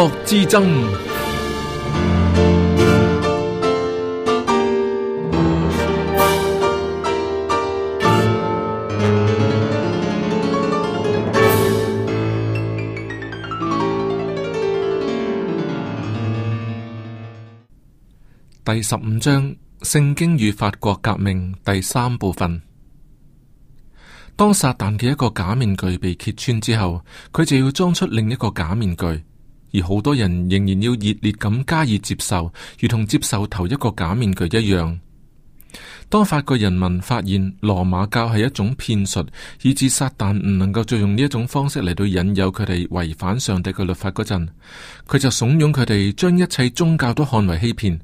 國之爭。第十五章《聖經與法國革命》第三部分。當撒旦嘅一個假面具被揭穿之後，佢就要裝出另一個假面具。而好多人仍然要熱烈咁加以接受，如同接受頭一個假面具一樣。當法國人民發現羅馬教係一種騙術，以致撒旦唔能夠再用呢一種方式嚟到引誘佢哋違反上帝嘅律法嗰陣，佢就慫恿佢哋將一切宗教都看為欺騙，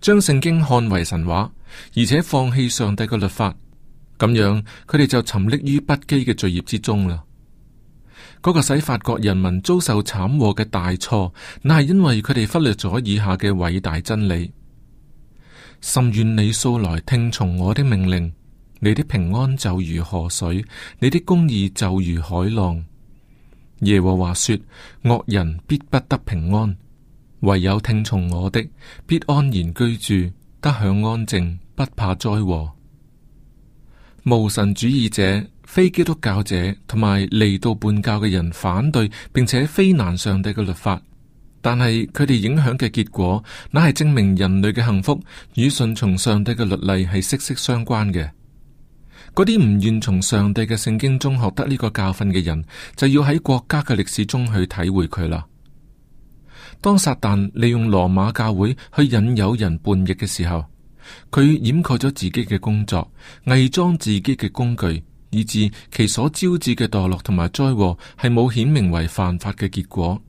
將聖經看為神話，而且放棄上帝嘅律法，咁樣佢哋就沉溺於不羈嘅罪孽之中啦。嗰個使法國人民遭受慘禍嘅大錯，那係因為佢哋忽略咗以下嘅偉大真理：，甚願你素來聽從我的命令，你的平安就如河水，你的公義就如海浪。耶和華說：惡人必不得平安，唯有聽從我的，必安然居住，得享安靜，不怕災禍。無神主義者。非基督教者同埋嚟到半教嘅人反對，並且非難上帝嘅律法，但係佢哋影響嘅結果，乃係證明人類嘅幸福與順從上帝嘅律例係息息相關嘅。嗰啲唔願從上帝嘅聖經中學得呢個教訓嘅人，就要喺國家嘅歷史中去體會佢啦。當撒旦利用羅馬教會去引誘人叛逆嘅時候，佢掩蓋咗自己嘅工作，偽裝自己嘅工具。以致其所招致嘅墮落同埋災禍係冇顯明為犯法嘅結果，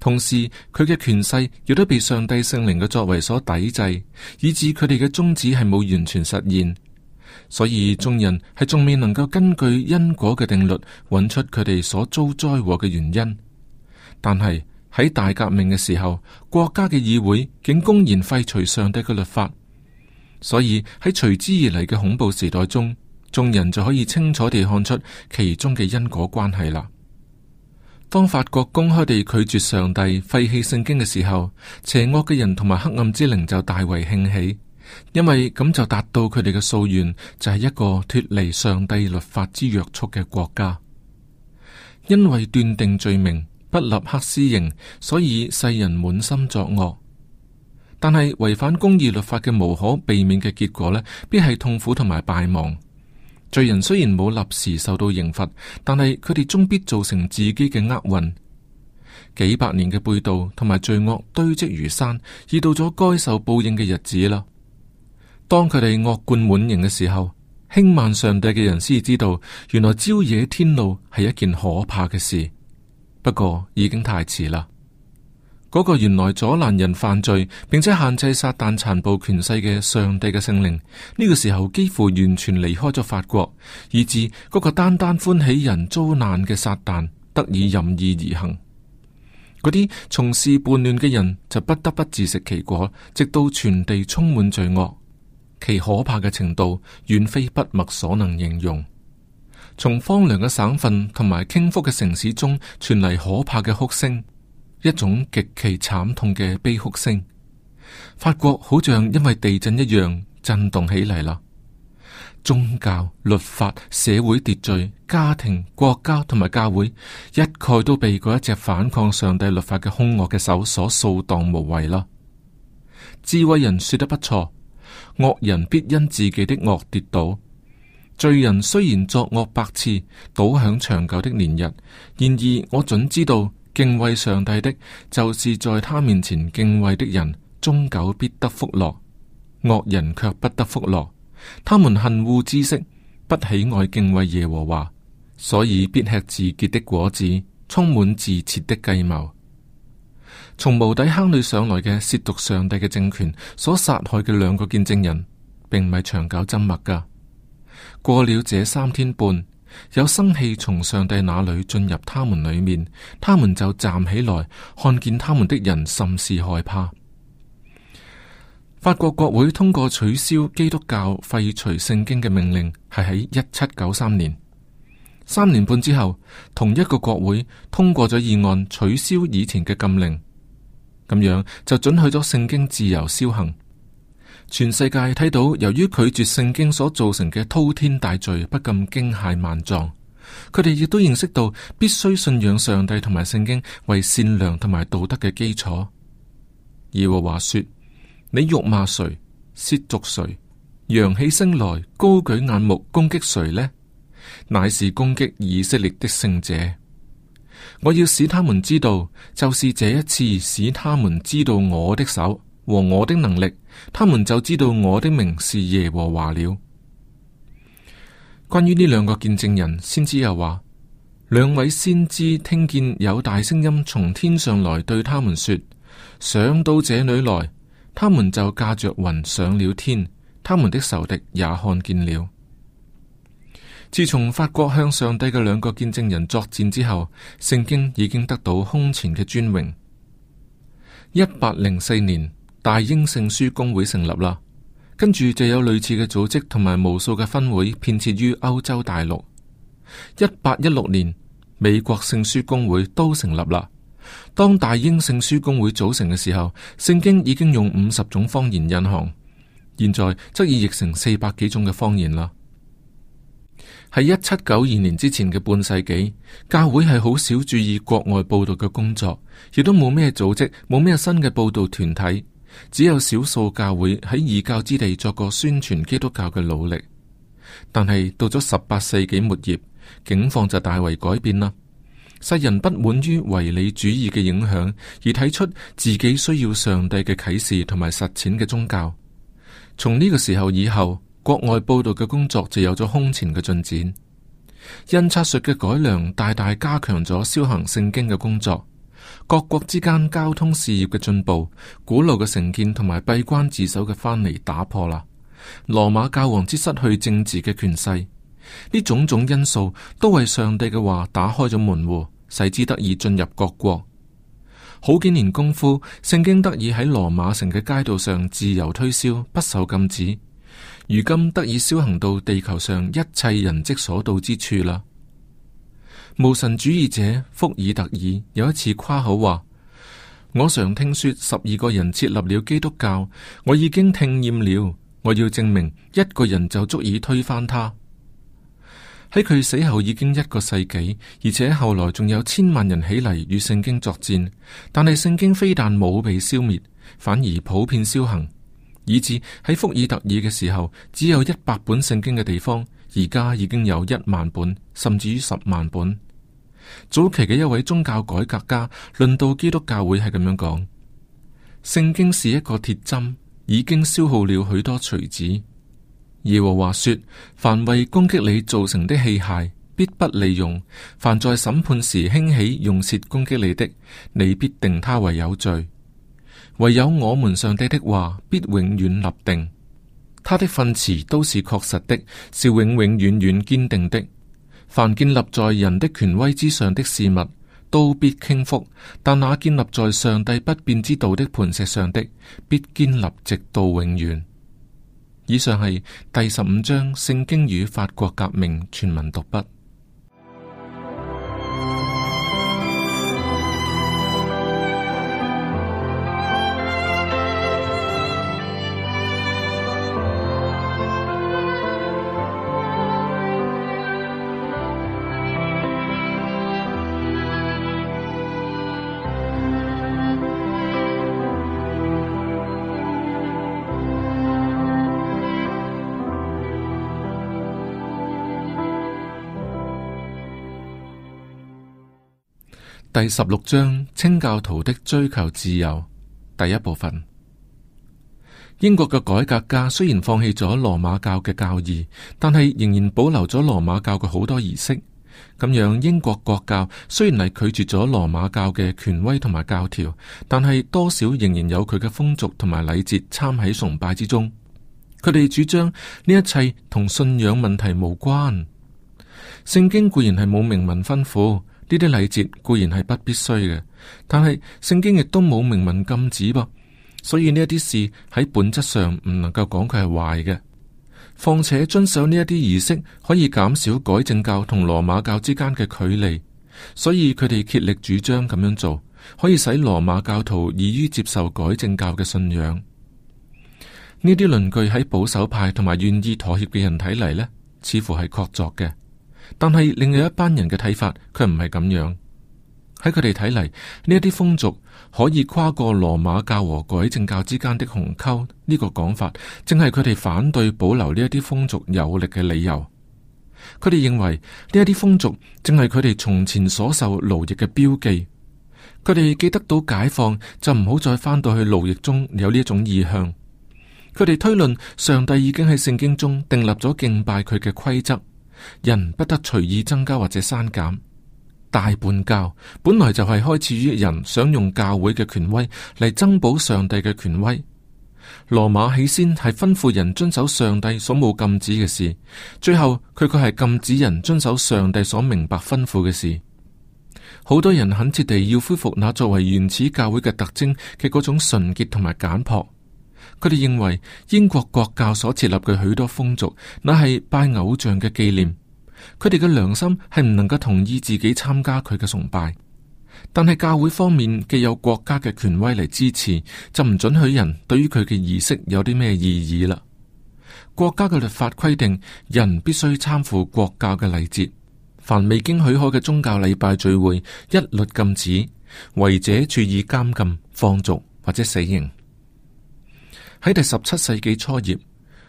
同時佢嘅權勢亦都被上帝聖靈嘅作為所抵制，以致佢哋嘅宗旨係冇完全實現。所以眾人係仲未能夠根據因果嘅定律揾出佢哋所遭災禍嘅原因。但係喺大革命嘅時候，國家嘅議會竟公然廢除上帝嘅律法，所以喺隨之而嚟嘅恐怖時代中，眾人就可以清楚地看出其中嘅因果關係啦。當法國公開地拒絕上帝廢棄聖經嘅時候，邪惡嘅人同埋黑暗之靈就大為興起，因為咁就達到佢哋嘅夙願，就係一個脫離上帝律法之約束嘅國家。因為斷定罪名不立刻施刑，所以世人滿心作惡。但係違反公義律法嘅無可避免嘅結果呢，必係痛苦同埋敗亡。罪人雖然冇立時受到刑罰，但係佢哋終必造成自己嘅厄運。幾百年嘅背道同埋罪惡堆積如山，已到咗該受報應嘅日子啦。當佢哋惡貫滿盈嘅時候，輕慢上帝嘅人先知道，原來招惹天怒係一件可怕嘅事。不過已經太遲啦。嗰個原來阻攔人犯罪，並且限制撒旦殘暴權勢嘅上帝嘅聖靈，呢、這個時候幾乎完全離開咗法國，以至嗰個單單歡喜人遭難嘅撒旦得以任意而行。嗰啲從事叛亂嘅人就不得不自食其果，直到全地充滿罪惡，其可怕嘅程度遠非筆墨所能形容。從荒涼嘅省份同埋傾覆嘅城市中傳嚟可怕嘅哭聲。一種極其慘痛嘅悲哭聲，法國好像因為地震一樣震動起嚟啦。宗教、律法、社會秩序、家庭、國家同埋教會，一概都被嗰一隻反抗上帝律法嘅凶惡嘅手所掃蕩無遺啦。智慧人說得不錯，惡人必因自己的惡跌倒，罪人雖然作惡百次，倒享長久的年日，然而我準知道。敬畏上帝的，就是在他面前敬畏的人，終久必得福樂；惡人卻不得福樂。他們恨惡知識，不喜愛敬畏耶和華，所以必吃自結的果子，充滿自設的計謀。從無底坑裏上來嘅褻瀆上帝嘅政權所殺害嘅兩個見證人，並唔係長久真麥噶。過了這三天半。有生氣從上帝那裏進入他們裏面，他們就站起來，看見他們的人甚是害怕。法國國會通過取消基督教廢除聖經嘅命令，係喺一七九三年，三年半之後，同一個國會通過咗議案取消以前嘅禁令，咁樣就準許咗聖經自由銷行。全世界睇到由於拒絕聖經所造成嘅滔天大罪，不禁驚駭萬狀。佢哋亦都認識到必須信仰上帝同埋聖經為善良同埋道德嘅基礎。耶和華說：你辱罵誰，褻瀆誰，揚起聲來，高舉眼目攻擊誰呢？乃是攻擊以色列的聖者。我要使他們知道，就是這一次使他們知道我的手。和我的能力，他們就知道我的名是耶和華了。關於呢兩個見證人，先知又話：兩位先知聽見有大聲音從天上來對他們說：上到這裏來。他們就駕着雲上了天，他們的仇敵也看見了。自從法國向上帝嘅兩個見證人作戰之後，聖經已經得到空前嘅尊榮。一八零四年。大英聖書公會成立啦，跟住就有類似嘅組織同埋無數嘅分會，遍設於歐洲大陸。一八一六年，美國聖書公會都成立啦。當大英聖書公會組成嘅時候，聖經已經用五十種方言印行，現在則已譯成四百幾種嘅方言啦。喺一七九二年之前嘅半世紀，教會係好少注意國外報道嘅工作，亦都冇咩組織，冇咩新嘅報道團體。只有少數教會喺異教之地作過宣傳基督教嘅努力，但係到咗十八世紀末葉，境況就大為改變啦。世人不滿於唯理主義嘅影響，而睇出自己需要上帝嘅啟示同埋實踐嘅宗教。從呢個時候以後，國外報道嘅工作就有咗空前嘅進展。印刷術嘅改良大大加強咗銷行聖經嘅工作。各國之間交通事業嘅進步，古老嘅城建同埋閉關自守嘅藩籬打破啦。羅馬教皇之失去政治嘅權勢，呢種種因素都為上帝嘅話打開咗門戶，使之得以進入各國。好幾年功夫，聖經得以喺羅馬城嘅街道上自由推銷，不受禁止。如今得以銷行到地球上一切人跡所到之處啦。無神主義者福爾特爾有一次誇口話：我常聽說十二個人設立了基督教，我已經聽厭了。我要證明一個人就足以推翻他。喺佢死後已經一個世紀，而且後來仲有千萬人起嚟與聖經作戰，但係聖經非但冇被消滅，反而普遍消行，以致喺福爾特爾嘅時候，只有一百本聖經嘅地方。而家已經有一萬本，甚至於十萬本。早期嘅一位宗教改革家論到基督教會係咁樣講：聖經是一個鐵針，已經消耗了許多錘子。耶和華說：凡為攻擊你造成的器械，必不利用；凡在審判時興起用舌攻擊你的，你必定他為有罪。唯有我們上帝的話，必永遠立定。他的訓詞都是確實的，是永永遠遠堅定的。凡建立在人的權威之上的事物，都必傾覆；但那建立在上帝不變之道的磐石上的，必建立直到永遠。以上係第十五章《聖經》與法國革命全文讀畢。第十六章清教徒的追求自由，第一部分。英國嘅改革家雖然放棄咗羅馬教嘅教義，但係仍然保留咗羅馬教嘅好多儀式。咁樣英國國教雖然係拒絕咗羅馬教嘅權威同埋教條，但係多少仍然有佢嘅風俗同埋禮節參喺崇拜之中。佢哋主張呢一切同信仰問題無關。聖經固然係冇明文吩咐。呢啲禮節固然係不必須嘅，但係聖經亦都冇明文禁止噃，所以呢一啲事喺本質上唔能夠講佢係壞嘅。況且遵守呢一啲儀式可以減少改正教同羅馬教之間嘅距離，所以佢哋竭力主張咁樣做，可以使羅馬教徒易於接受改正教嘅信仰。呢啲論據喺保守派同埋願意妥協嘅人睇嚟呢，似乎係確鑿嘅。但係，另有一班人嘅睇法，佢唔係咁樣。喺佢哋睇嚟，呢一啲風俗可以跨過羅馬教和改正教之間的鴻溝，呢個講法正係佢哋反對保留呢一啲風俗有力嘅理由。佢哋認為呢一啲風俗正係佢哋從前所受奴役嘅標記。佢哋既得到解放，就唔好再翻到去奴役中有呢一種意向。佢哋推論，上帝已經喺聖經中訂立咗敬拜佢嘅規則。人不得隨意增加或者刪減。大半教本來就係開始於人想用教會嘅權威嚟增補上帝嘅權威。羅馬起先係吩咐人遵守上帝所冇禁止嘅事，最後佢佢係禁止人遵守上帝所明白吩咐嘅事。好多人懇切地要恢復那作為原始教會嘅特徵嘅嗰種純潔同埋簡樸。佢哋認為英國國教所設立嘅許多風俗，乃係拜偶像嘅紀念。佢哋嘅良心係唔能夠同意自己參加佢嘅崇拜。但係教會方面既有國家嘅權威嚟支持，就唔准許人對於佢嘅儀式有啲咩異議啦。國家嘅律法規定，人必須參乎國教嘅禮節。凡未經許可嘅宗教禮拜聚會，一律禁止。違者處以監禁、放逐或者死刑。喺第十七世紀初葉，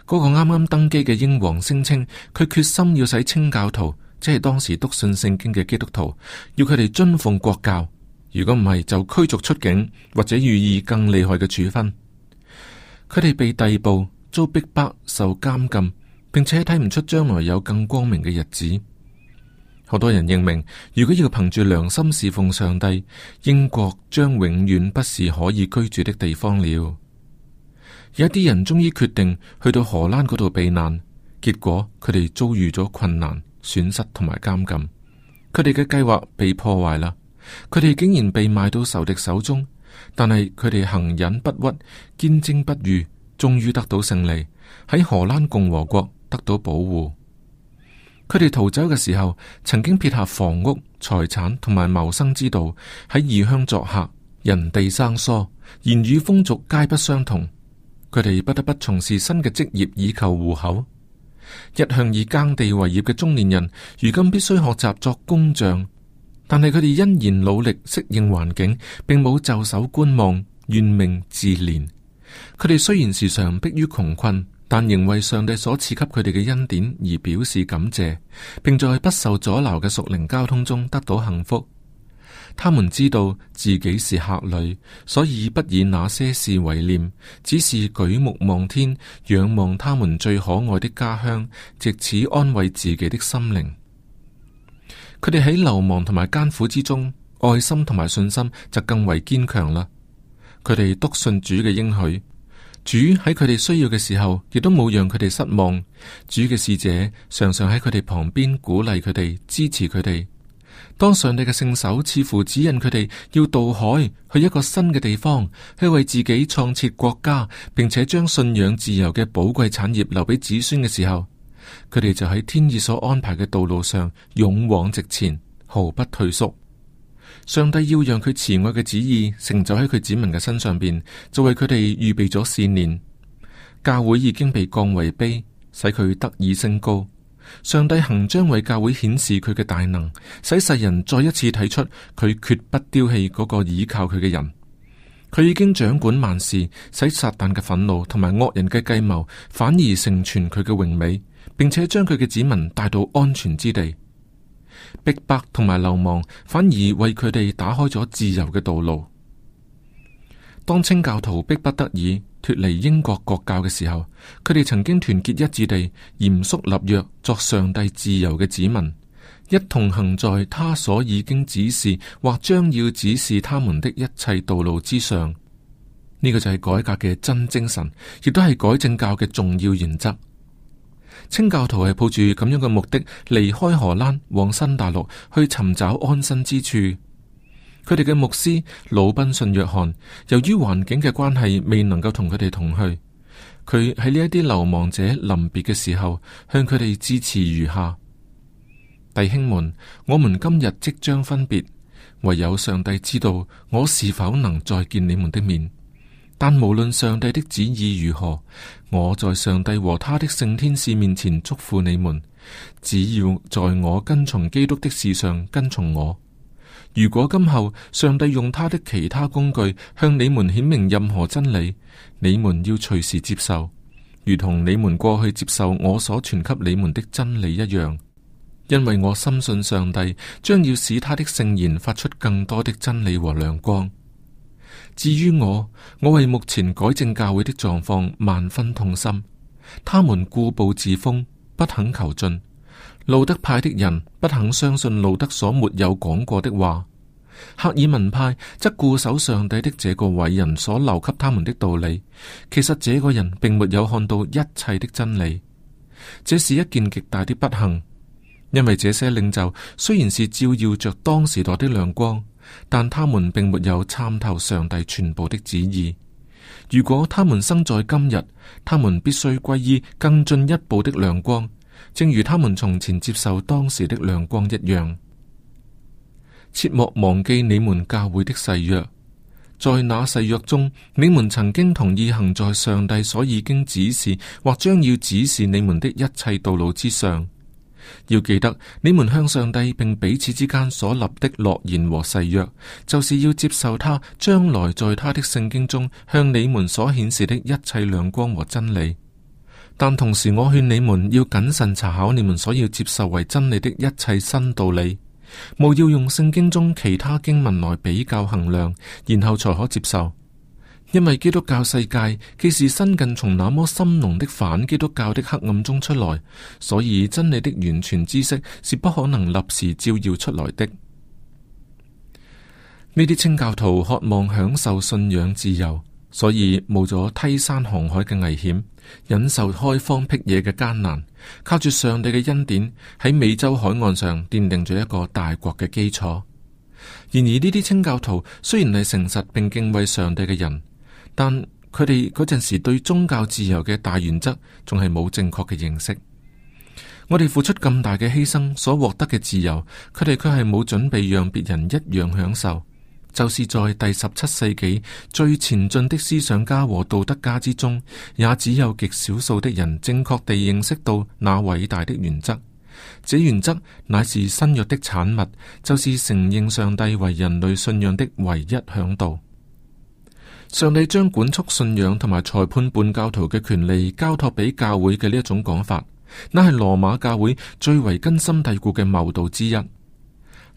嗰個啱啱登基嘅英皇聲稱，佢決心要使清教徒，即係當時篤信聖經嘅基督徒，要佢哋遵奉國教，如果唔係就驅逐出境或者予以更厲害嘅處分。佢哋被逮捕、遭逼迫、受監禁，並且睇唔出將來有更光明嘅日子。好多人認明，如果要憑住良心侍奉上帝，英國將永遠不是可以居住的地方了。有一啲人終於決定去到荷蘭嗰度避難，結果佢哋遭遇咗困難、損失同埋監禁，佢哋嘅計劃被破壞啦。佢哋竟然被賣到仇敵手中，但係佢哋行忍不屈，堅貞不渝，終於得到勝利，喺荷蘭共和國得到保護。佢哋逃走嘅時候，曾經撇下房屋、財產同埋謀生之道，喺異鄉作客，人地生疏，言語、風俗皆不相同。佢哋不得不從事新嘅職業以求糊口。一向以耕地為業嘅中年人，如今必須學習作工匠。但係佢哋欣然努力適應環境，並冇袖手觀望怨命自憐。佢哋雖然時常迫於窮困，但因為上帝所賜給佢哋嘅恩典而表示感謝，並在不受阻撓嘅屬靈交通中得到幸福。他們知道自己是客旅，所以不以那些事為念，只是舉目望天，仰望他們最可愛的家鄉，借此安慰自己的心靈。佢哋喺流亡同埋艱苦之中，愛心同埋信心就更為堅強啦。佢哋篤信主嘅應許，主喺佢哋需要嘅時候，亦都冇讓佢哋失望。主嘅使者常常喺佢哋旁邊鼓勵佢哋，支持佢哋。當上帝嘅聖手似乎指引佢哋要渡海去一個新嘅地方，去為自己創設國家，並且將信仰自由嘅寶貴產業留俾子孫嘅時候，佢哋就喺天意所安排嘅道路上勇往直前，毫不退縮。上帝要讓佢慈愛嘅旨意成就喺佢子民嘅身上邊，就為佢哋預備咗善念。教會已經被降為卑，使佢得以升高。上帝行將為教會顯示佢嘅大能，使世人再一次睇出佢決不丟棄嗰個倚靠佢嘅人。佢已經掌管萬事，使撒旦嘅憤怒同埋惡人嘅計謀反而成全佢嘅榮美，並且將佢嘅子民帶到安全之地。逼迫同埋流亡反而為佢哋打開咗自由嘅道路。當清教徒迫不得已，脫離英國國教嘅時候，佢哋曾經團結一致地嚴肅立約，作上帝自由嘅子民，一同行在他所已經指示或將要指示他們的一切道路之上。呢、這個就係改革嘅真精神，亦都係改正教嘅重要原則。清教徒係抱住咁樣嘅目的，離開荷蘭，往新大陸去尋找安身之處。佢哋嘅牧師魯賓遜約翰，由於環境嘅關係，未能夠同佢哋同去。佢喺呢一啲流亡者臨別嘅時候，向佢哋致詞如下：弟兄們，我們今日即將分別，唯有上帝知道我是否能再見你們的面。但無論上帝的旨意如何，我在上帝和他的聖天使面前祝福你們。只要在我跟從基督的事上跟從我。如果今後上帝用他的其他工具向你們顯明任何真理，你們要隨時接受，如同你們過去接受我所傳給你們的真理一樣。因為我深信上帝將要使他的聖言發出更多的真理和亮光。至於我，我為目前改正教會的狀況萬分痛心，他們固步自封，不肯求進。路德派的人不肯相信路德所沒有講過的話，克爾文派則固守上帝的這個偉人所留給他們的道理。其實這個人並沒有看到一切的真理，這是一件極大的不幸。因為這些領袖雖然是照耀着當時代的亮光，但他們並沒有參透上帝全部的旨意。如果他們生在今日，他們必須歸依更進一步的亮光。正如他們從前接受當時的亮光一樣，切莫忘記你們教會的誓約。在那誓約中，你們曾經同意行在上帝所已經指示或將要指示你們的一切道路之上。要記得，你們向上帝並彼此之間所立的諾言和誓約，就是要接受他將來在他的聖經中向你們所顯示的一切亮光和真理。但同時，我勸你們要謹慎查考你們所要接受為真理的一切新道理，務要用聖經中其他經文來比較衡量，然後才可接受。因為基督教世界既是新近從那麼深濃的反基督教的黑暗中出來，所以真理的完全知識是不可能立時照耀出來的。呢啲清教徒渴望享受信仰自由。所以，冇咗梯山航海嘅危險，忍受開荒闢野嘅艱難，靠住上帝嘅恩典喺美洲海岸上奠定咗一個大國嘅基礎。然而，呢啲清教徒雖然係誠實並敬畏上帝嘅人，但佢哋嗰陣時對宗教自由嘅大原則仲係冇正確嘅認識。我哋付出咁大嘅犧牲，所獲得嘅自由，佢哋卻係冇準備讓別人一樣享受。就是在第十七世紀最前進的思想家和道德家之中，也只有極少數的人正確地認識到那偉大的原則。這原則乃是新約的産物，就是承認上帝為人類信仰的唯一向導。上帝將管束信仰同埋裁判叛教徒嘅權利交託俾教會嘅呢一種講法，乃係羅馬教會最為根深蒂固嘅謬道之一。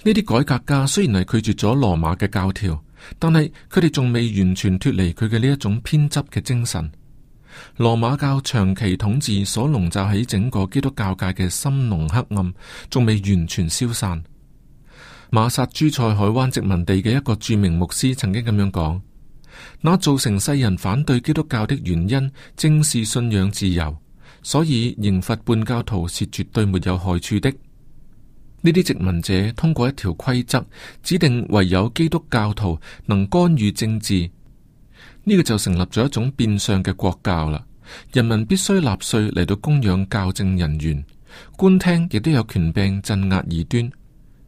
呢啲改革家雖然係拒絕咗羅馬嘅教條，但係佢哋仲未完全脫離佢嘅呢一種偏執嘅精神。羅馬教長期統治所籠罩喺整個基督教界嘅深濃黑暗，仲未完全消散。馬薩諸塞海灣殖民地嘅一個著名牧師曾經咁樣講：那造成世人反對基督教的原因，正是信仰自由，所以刑罰叛教徒是絕對沒有害處的。呢啲殖民者通過一條規則，指定唯有基督教徒能干預政治，呢、這個就成立咗一種變相嘅國教啦。人民必須納稅嚟到供養教政人員，官廳亦都有權柄鎮壓異端。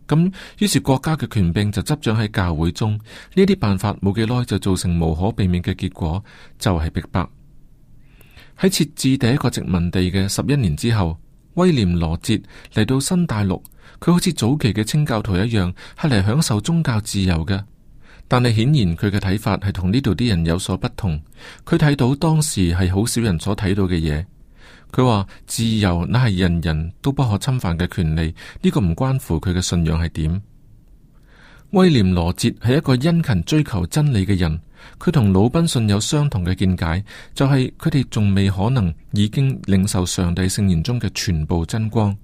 咁於是國家嘅權柄就執掌喺教會中。呢啲辦法冇幾耐就造成無可避免嘅結果，就係、是、逼迫。喺設置第一個殖民地嘅十一年之後，威廉羅哲嚟到新大陸。佢好似早期嘅清教徒一樣，係嚟享受宗教自由嘅。但係顯然佢嘅睇法係同呢度啲人有所不同。佢睇到當時係好少人所睇到嘅嘢。佢話自由乃係人人都不可侵犯嘅權利，呢個唔關乎佢嘅信仰係點。威廉羅哲係一個殷勤追求真理嘅人，佢同魯賓遜有相同嘅見解，就係佢哋仲未可能已經領受上帝聖言中嘅全部真光。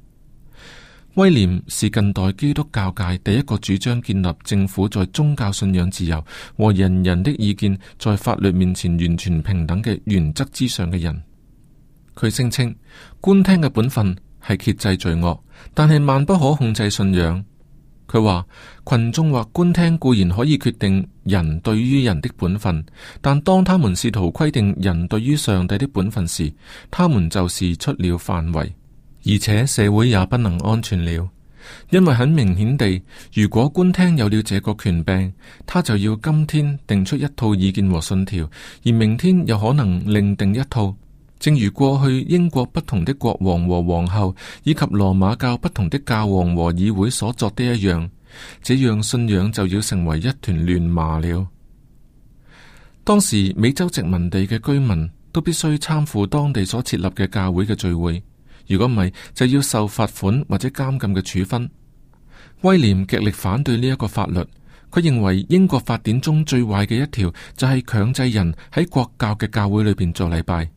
威廉是近代基督教界第一個主張建立政府在宗教信仰自由和人人的意見在法律面前完全平等嘅原則之上嘅人。佢聲稱，官廳嘅本分係遏制罪惡，但係萬不可控制信仰。佢話，群眾或官廳固然可以決定人對於人的本分，但當他們試圖規定人對於上帝的本分時，他們就是出了範圍。而且社會也不能安全了，因為很明顯地，如果官廳有了這個權柄，他就要今天定出一套意見和信條，而明天又可能另定一套。正如過去英國不同的國王和皇后，以及羅馬教不同的教皇和議會所作的一樣，這樣信仰就要成為一團亂麻了。當時美洲殖民地嘅居民都必須參與當地所設立嘅教會嘅聚會。如果唔係就要受罰款或者監禁嘅處分。威廉極力反對呢一個法律，佢認為英國法典中最壞嘅一條就係強制人喺國教嘅教會裏邊做禮拜。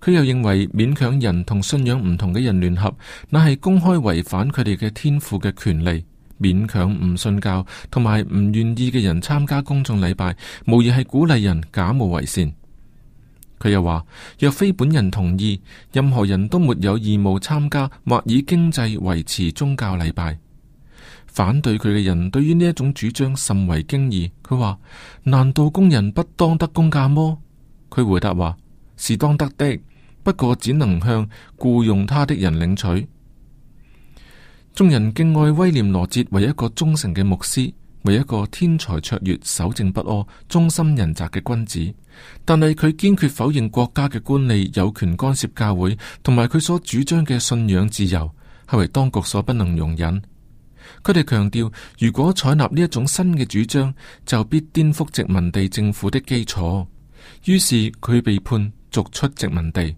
佢又認為勉強人同信仰唔同嘅人聯合，乃係公開違反佢哋嘅天賦嘅權利。勉強唔信教同埋唔願意嘅人參加公眾禮拜，無疑係鼓勵人假冒為善。佢又話：若非本人同意，任何人都沒有義務參加或以經濟維持宗教禮拜。反對佢嘅人對於呢一種主張甚為驚異。佢話：難道工人不當得工價麼？佢回答話：是當得的，不過只能向雇傭他的人領取。眾人敬愛威廉羅哲為一個忠誠嘅牧師。為一個天才卓越、守正不阿、忠心人澤嘅君子，但係佢堅決否認國家嘅官吏有權干涉教會，同埋佢所主張嘅信仰自由係為當局所不能容忍。佢哋強調，如果採納呢一種新嘅主張，就必顛覆殖民地政府的基礎。於是佢被判逐出殖民地。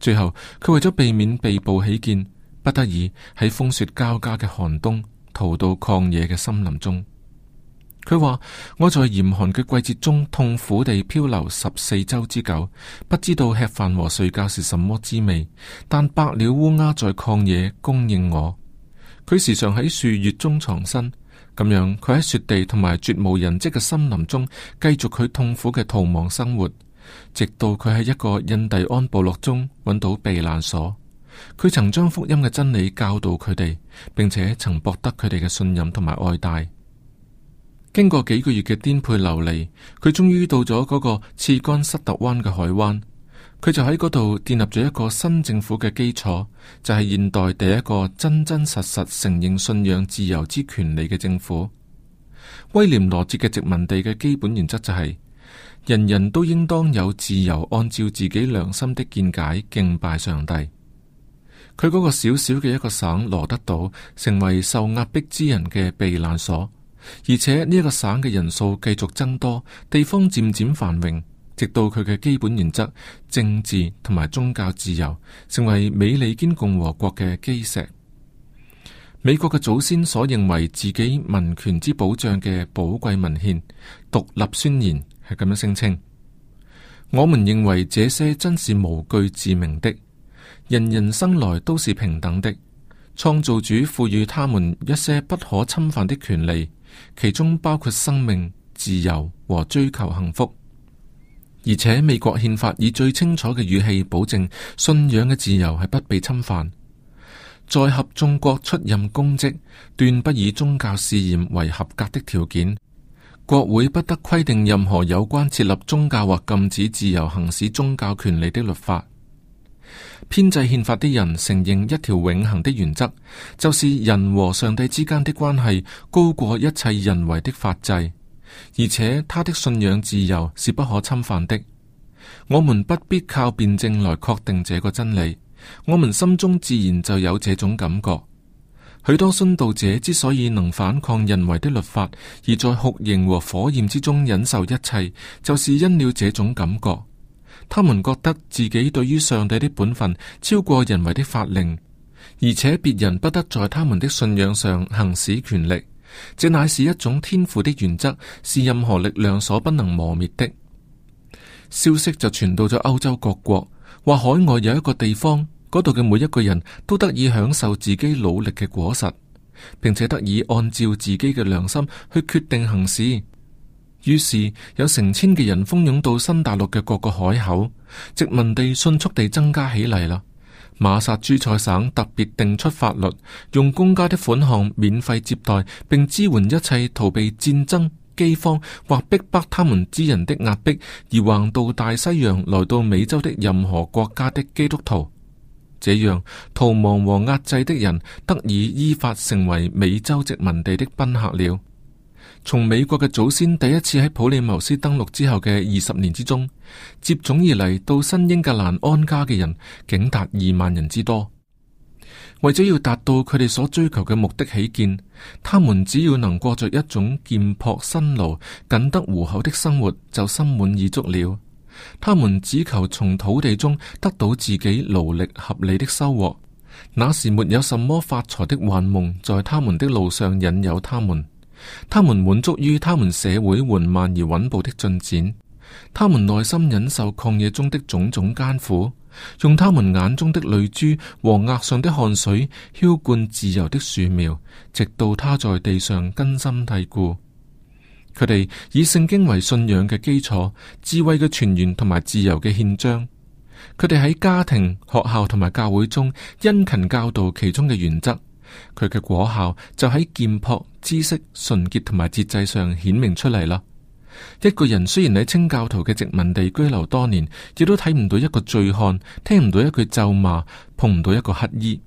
最後，佢為咗避免被捕起見，不得已喺風雪交加嘅寒冬逃到曠野嘅森林中。佢話：我在嚴寒嘅季節中痛苦地漂流十四周之久，不知道吃飯和睡覺是什麼滋味。但百鳥烏鴉在曠野供應我。佢時常喺樹葉中藏身，咁樣佢喺雪地同埋絕無人跡嘅森林中繼續佢痛苦嘅逃亡生活，直到佢喺一個印第安部落中揾到避難所。佢曾將福音嘅真理教導佢哋，並且曾博得佢哋嘅信任同埋愛戴。經過幾個月嘅顛沛流離，佢終於到咗嗰個次干塞特灣嘅海灣。佢就喺嗰度建立咗一個新政府嘅基礎，就係、是、現代第一個真真實實承認信仰自由之權利嘅政府。威廉羅哲嘅殖民地嘅基本原則就係、是、人人都應當有自由，按照自己良心的見解敬拜上帝。佢嗰個小小嘅一個省羅德島，成為受壓迫之人嘅避難所。而且呢一個省嘅人數繼續增多，地方漸漸繁榮，直到佢嘅基本原則政治同埋宗教自由成為美利堅共和國嘅基石。美國嘅祖先所認為自己民權之保障嘅寶貴文獻《獨立宣言》係咁樣聲稱：我們認為這些真是無懼自明的，人人生來都是平等的，創造主賦予他們一些不可侵犯的權利。其中包括生命、自由和追求幸福，而且美國憲法以最清楚嘅語氣保證信仰嘅自由係不被侵犯。在合眾國出任公職，斷不以宗教試驗為合格的條件；國會不得規定任何有關設立宗教或禁止自由行使宗教權利的律法。編制憲法的人承認一條永恆的原則，就是人和上帝之間的關係高過一切人為的法制，而且他的信仰自由是不可侵犯的。我們不必靠辯證來確定這個真理，我們心中自然就有這種感覺。許多殉道者之所以能反抗人為的律法，而在酷刑和火焰之中忍受一切，就是因了這種感覺。他們覺得自己對於上帝的本分超過人為的法令，而且別人不得在他們的信仰上行使權力。這乃是一種天賦的原則，是任何力量所不能磨滅的。消息就傳到咗歐洲各國，話海外有一個地方，嗰度嘅每一個人都得以享受自己努力嘅果實，並且得以按照自己嘅良心去決定行使。於是有成千嘅人蜂擁到新大陸嘅各個海口，殖民地迅速地增加起嚟啦。馬薩諸塞省特別定出法律，用公家的款項免費接待並支援一切逃避戰爭、饑荒或逼迫迫他們之人的壓迫而橫渡大西洋來到美洲的任何國家的基督徒。這樣逃亡和壓制的人得以依法成為美洲殖民地的賓客了。從美國嘅祖先第一次喺普利茅斯登陸之後嘅二十年之中，接踵而嚟到新英格蘭安家嘅人，竟達二萬人之多。為咗要達到佢哋所追求嘅目的起見，他們只要能過着一種儉樸辛勞、僅得糊口的生活就心滿意足了。他們只求從土地中得到自己勞力合理的收穫，那時沒有什麼發財的幻夢在他們的路上引誘他們。他們滿足於他們社會緩慢而穩步的進展，他們耐心忍受曠野中的種種艱苦，用他們眼中的淚珠和額上的汗水澆灌自由的樹苗，直到他在地上根深蒂固。佢哋以聖經為信仰嘅基礎，智慧嘅傳員同埋自由嘅憲章。佢哋喺家庭、學校同埋教會中殷勤教導其中嘅原則。佢嘅果效就喺儉樸、知識、純潔同埋節制上顯明出嚟啦。一個人雖然喺清教徒嘅殖民地居留多年，亦都睇唔到一個醉漢，聽唔到一句咒罵，碰唔到一個乞衣。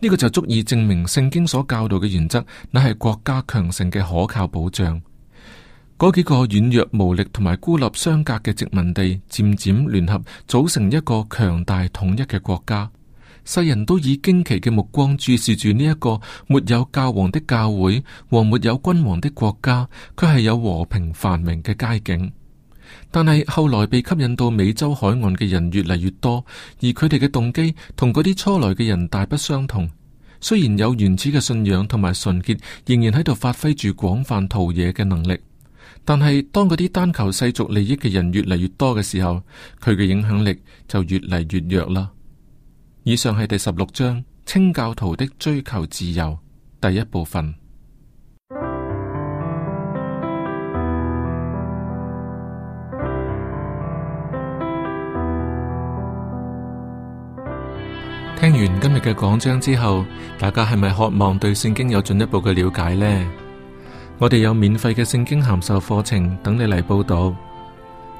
呢、這個就足以證明聖經所教導嘅原則，乃係國家強盛嘅可靠保障。嗰幾個軟弱無力同埋孤立相隔嘅殖民地，漸漸聯合，組成一個強大統一嘅國家。世人都以驚奇嘅目光注視住呢一個沒有教皇的教會和沒有君王的國家，佢係有和平繁榮嘅街景。但係後來被吸引到美洲海岸嘅人越嚟越多，而佢哋嘅動機同嗰啲初來嘅人大不相同。雖然有原始嘅信仰同埋純潔，仍然喺度發揮住廣泛陶冶嘅能力，但係當嗰啲單求世俗利益嘅人越嚟越多嘅時候，佢嘅影響力就越嚟越弱啦。以上係第十六章清教徒的追求自由第一部分。聽完今日嘅講章之後，大家係咪渴望對聖經有進一步嘅了解呢？我哋有免費嘅聖經函授課程等你嚟報到。